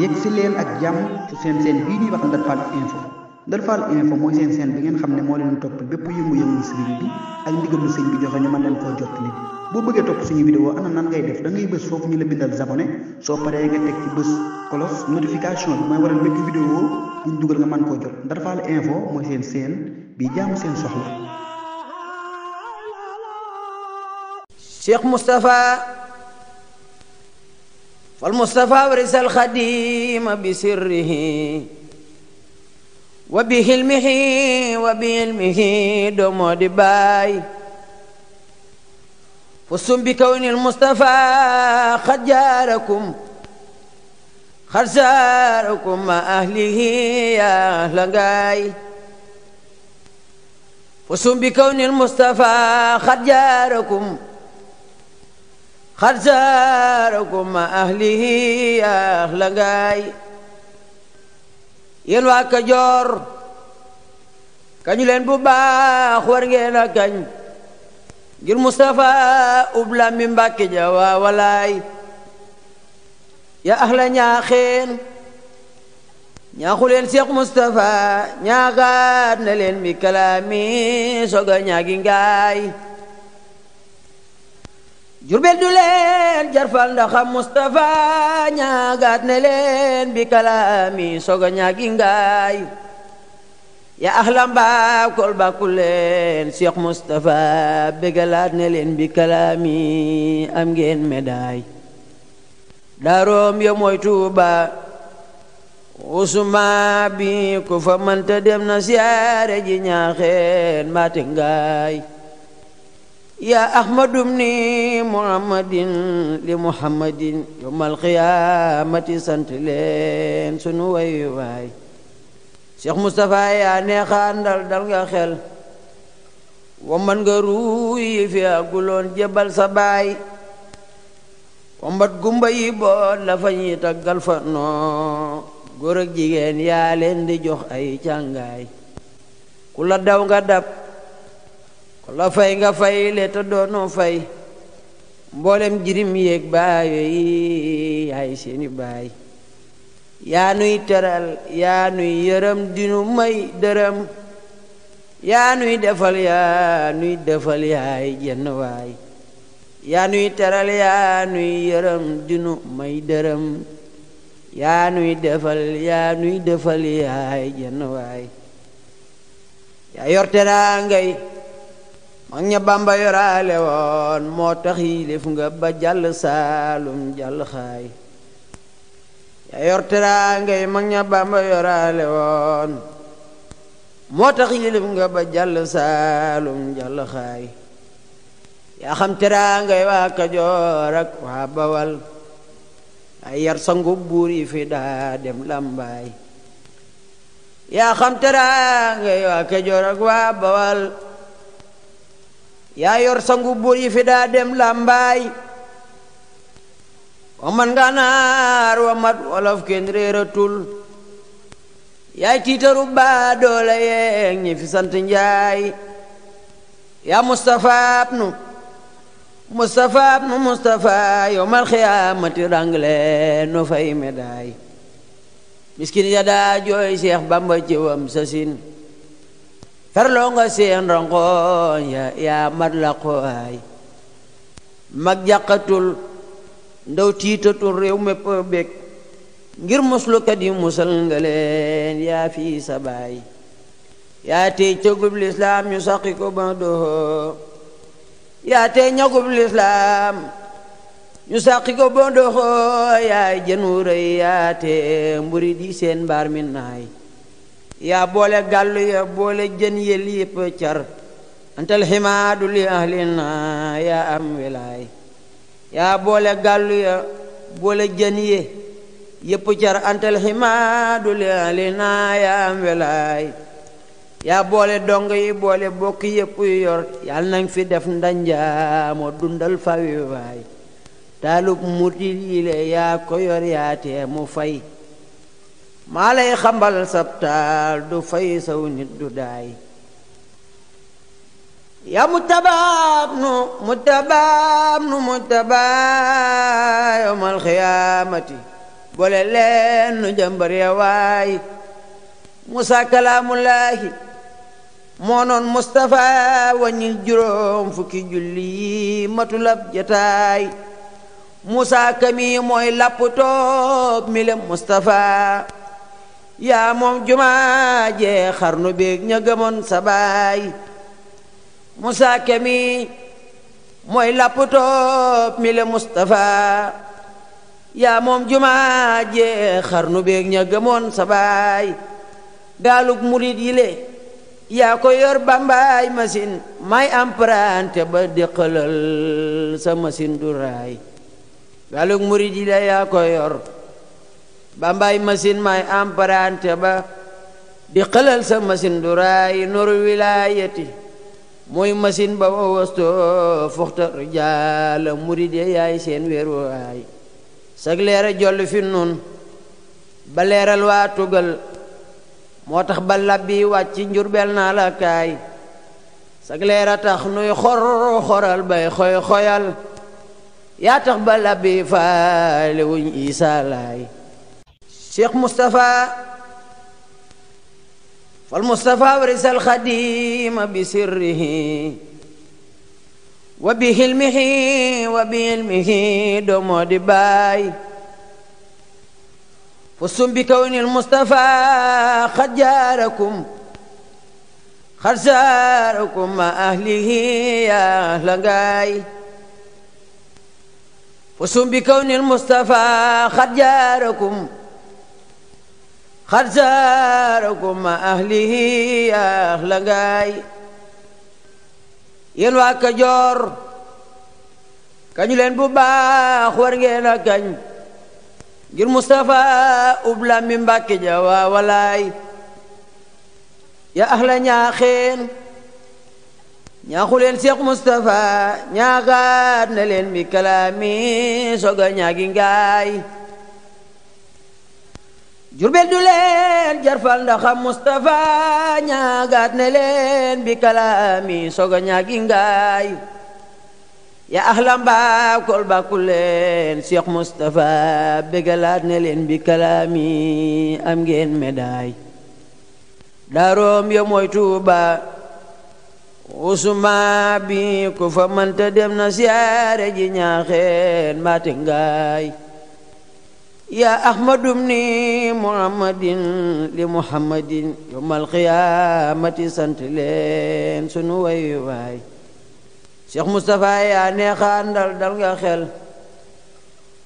yegg si leen ak jàmm ci seen seen bii ñuy wax Ndar Fall info Ndar Fall info mooy seen seen bi ngeen xam ne moo leen topp bépp yëngu-yëngu sëriñ bi ak ndigalu sëñ bi joxe ñu mën leen koo jot nit boo bëggee topp suñu vidéo ana nan ngay def da ngay bës foofu ñu la bindal abonné soo paree nga teg ci bës kolos notification bi mooy waral bépp vidéo bu ñu dugal nga mën koo jot Ndar Fall info mooy seen seen bi jaamu seen soxla Cheikh Moustapha فالمصطفى ورث الخديم بسره وبهلمه وبعلمه دوم دباي فصم بكون المصطفى قد جاركم خرزاركم مع أهله يا أهل غاي فصم بكون المصطفى قد جاركم قد زاركم ahli ya ah lagai غاي yéen waa jor kañu leen bu baax war ngeen a ngir Mustafa ubla ya mi Mbàkke ja waa ya ahla ñaaxeen ñaaxu leen Seex Mustafa ñaaxaat na leen mi kalaami soga ñaagi ngaay jurbel du leen jarfal ndaxam Mustafa ñaagaat ne bi kalami soga ñaagi ya ahlam ba kol ba kulen Cheikh Mustafa begalat ne bi kalami am ngeen meday darom yo ya moy tuba usuma bi ku fa ta dem na siyaare ji Ya Ahmadumni Muhammadin li Muhammadin yawmal qiyamati santilen sunu way way Syekh Mustafa ya ne khandal dal nga xel wa man nga fi agulon jebal sa bay wa mbat gumba yi bo la fanyi tagal fa no gor ak jigen ya len di jox ay cangay kula daw nga dab ku la fay nga fay le te doonoo fay mboolem jirim yéeg baayo yi yaay seeni baay yaa nuy teral yaa nuy yërëm dinu may dërëm yaa nuy defal yaa nuy defal yaay jenn waay yaa nuy teral yaa nuy yërëm dinu may dërëm yaa nuy defal yaa nuy defal yaay jenn waay yaa yorte naa ngay mag ña bàmba yoraale woon moo tax yilif nga ba jàll saalum jàll xaay yaa yor teraanga yi mag ña bàmba yoraale woon nga ba jàll saalum jàll xaay yaa xam teraanga yi waa kajoor bawal ay yar sangu buur yi dem làmbaay yaa xam teraanga yi waa kajoor bawal yaa yor sangu buur yi fi daa dem làmbaay wa man ganaar wa mat wolof kenn réeratul yaay tiitaru baa doole yeeg ñi fi sant njaay yaa mustapha abnu mustapha abnu mustapha yowmal xiyaamati rangle no fay médaay miskin ya daa jooy seex bamba ci sasin ferloo nga seen rongoñ ya mat la xooy mag jàqatul ndaw tiitatul réew mépp bég ngir muslukat yi musal nga leen yaa fii sa baay yaa tey lislaam ñu saqi ko ba doxoo yaa tey ñagub lislaam ñu ko ba doxoo yaay jën wu rëy yaa tey mburi di seen mbaar mi naay yaa boole gàllu ya boole jën yel yépp car antal ximaadu li ahlina yaa am wilaay yaa boole gàllu ya boole jën ye yépp car antal ximaadu li ahlina yaa am wilaay yaa boole dong yi boole bokk yépp yu yor yàlla nañ fi def ndanjaamoo dundal fawi waay taalub mutil yi yaa ko yor yaa tee mu fay مالي خمبل سبتار دو فايسو ندو داي يا نو متبابن نو متبابن يوم الخيامة قوللين جنبر يا واي موسى كلام الله مونون مصطفى وني جروم فكي جولي ماتولاب جتاي موسى كمي موي لابوتوب ميل مصطفى Ya mom juma je xarnu beeg ña gëmoon sa bay musa kemi moy laputo mi Mustafa Ya mom juma je xarnu beeg ña gëmoon sa bay ya murid yi le ya ko yor bambay masin may emprunté ba xelal sa masin du raay gaalug yi le ya ko yor bambay machine may emparante ba di xelal sa machine du raay nur wilayati mooy machine ba wa wasto fuxta rijaala muride yaay seen wéeru waay sag leera fi nun ba leeral waa tugal moo tax ba labbi wàcc ci njurbel naa la kaay sag leera tax nuy xor xoral bay xoy xoyal yaa tax ba labbi faale wuñ شيخ مصطفى فالمصطفى ورث الخديم بسره وبهلمه وبهلمه دوم دباي فسم بكون المصطفى قد جاركم خزاركم مع أهله يا أهل غاي فسم بكون المصطفى قد جاركم قد زاركم ahli يا أهل غاي yéen ya waa Kajoor kañu leen bu baax war ngeen a ngir Mustafa ubla ya mi jawawalai, ya ahla ñaaxeen ñaaxu siak Mustafa ñaaxaat na mikalami, mi kalaami soga jurbel du leen jarfal ndaxam Mustafa ñaagaat ne nelen bi kalaami soga ñaagi ngaayu ya ahlan ba kol ba kulen Cheikh Mustafa bégalaat ne len bi kalaami am ngeen meday darom yo moy tuba usuma bi ku fa ta dem na siyaare ji ñaaxeen Ya Ahmadumni Muhammadin li Muhammadin yumal qiyamati santilen sunu way way Cheikh Mustafa ya ne xandal dal nga xel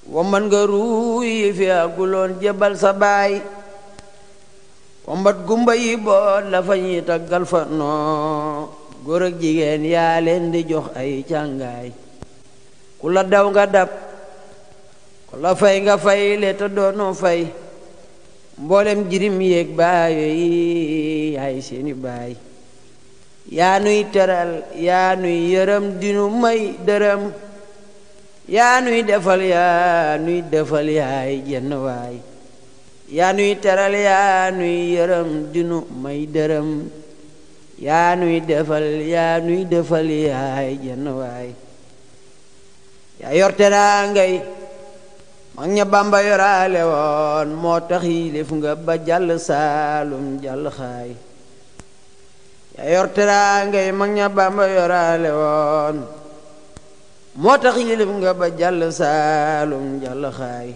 wo man jebal sabai. bay gumbai mat gumba yi bo la fany tagal fa no gor ak jigen ya len di ay changay kula daw nga dab ku la fay nga fay le te doonoo fay mboolem jirim yéeg baayo yi yaay seeni baay yaa nuy teral yaa nuy yërëm dinu may dërëm yaa nuy defal yaa nuy defal yaay jenn waay yaa nuy teral yaa nuy yërëm dinu may dërëm yaa nuy defal yaa nuy defal yaay jenn waay yaa yorte naa ngay mag ña bamba yoraale woon moo tax yilif nga ba jàll saalum jàll xaay ya yor teraanga yi mag ña bamba yoraale ya woon moo tax yilif nga ba jàll saalum jàll xaay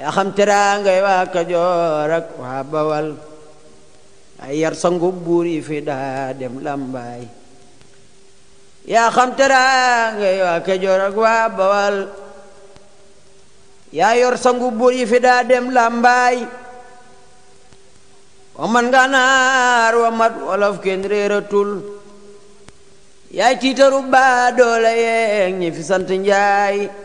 yaa xam teraanga waa ak waa bawal ay yar sangu buur yi fi daa dem làmbaay ya xam teraanga yi waa kajoor ak waa bawal yaa yor sangu buur yi fi daa dem wa man nga naar wa mat wolof kenn réeratul yaay tiitaru baa doole yeeg ñi fi sant njaay